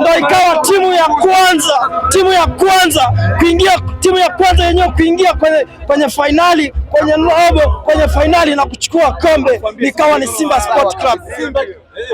ndo ikawa timu ya kwanza timu ya kwanza kuingia timu ya kwanza yenyewe kuingia kwenye, kwenye fainali kwenye robo kwenye fainali na kuchukua kombe, nikawa ni Simba Sport Club.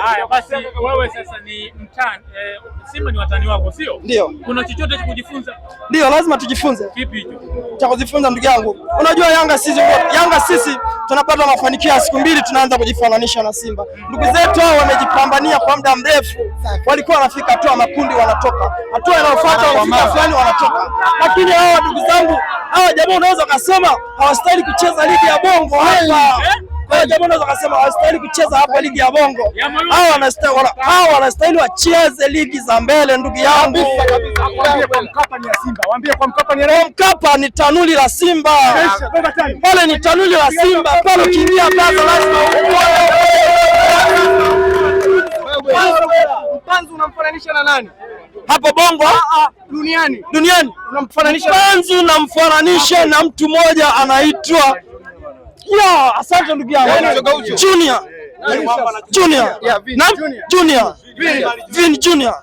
Haya basi, wewe sasa ni mtani eh, Simba ni watani wako sio? Ndio. Kuna chochote cha kujifunza? Ndio, lazima tujifunze. Kipi hicho cha kujifunza, ndugu yangu? Unajua Yanga sisi, Yanga sisi tunapata mafanikio ya siku mbili, tunaanza kujifananisha na Simba. Ndugu zetu hao wamejipambania kwa muda mrefu, walikuwa wanafika hatua makundi, wanatoka hatua inayofuata, wanafika fulani, wanatoka. Lakini hawa ndugu zangu, hawa jamaa unaweza ukasema hawastahili kucheza ligi ya bongo hapa eh? Kwa hiyo jamani, unaweza kusema hawastahili kucheza hapa ligi ya Bongo. Hao wanastahili, hao wanastahili wacheze ligi za mbele, ndugu yangu. Waambie kwa Mkapa ni Simba, waambie kwa Mkapa ni Simba. Mkapa ni tanuli la Simba, pale ni tanuli la Simba, pale ukiingia bado lazima Mpanzu unamfananisha na nani? Hapo Bongo A, a, ah, ah, duniani, duniani unamfananisha Mpanzu, unamfananisha na mtu mmoja anaitwa ya, asante ndugu yangu. Yaani yaani Junior. Junior. Na Junior. Vin Junior.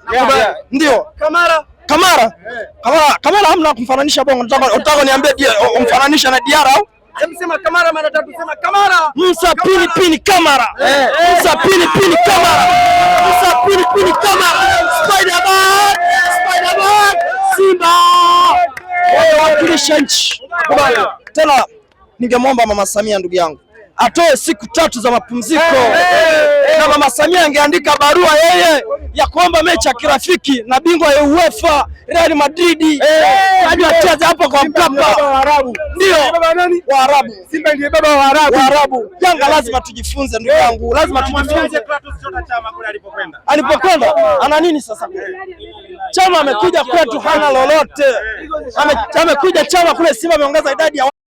Ndio. Kamara. Kamara. Eh. Kamara Kamara hamna kumfananisha Bongo. Nataka nataka niambie umfananisha na Diara au? Sema Kamara maana nataka kusema Kamara. Musa pini pini Kamara. Eh, eh. Musa pini pini Kamara. Musa pini pini Kamara. Spider-Man. Spider-Man. Simba. Wakilisha nchi. Kubali. Tena ningemwomba Mama Samia ndugu yangu atoe siku tatu za mapumziko hey, hey, na Mama Samia angeandika barua yeye ya kuomba mechi ya kirafiki na bingwa ya UEFA Real Madrid hey, hey, acheze hapa kwa Mkapa. Ndio Waarabu, Simba ndiye baba wa Waarabu. Yanga lazima tujifunze ndugu yangu lazima tujifunze alipokwenda ah, ah. ana nini sasa Chama amekuja kwetu hana lolote, amekuja Chama kule Simba ameongeza idadi ya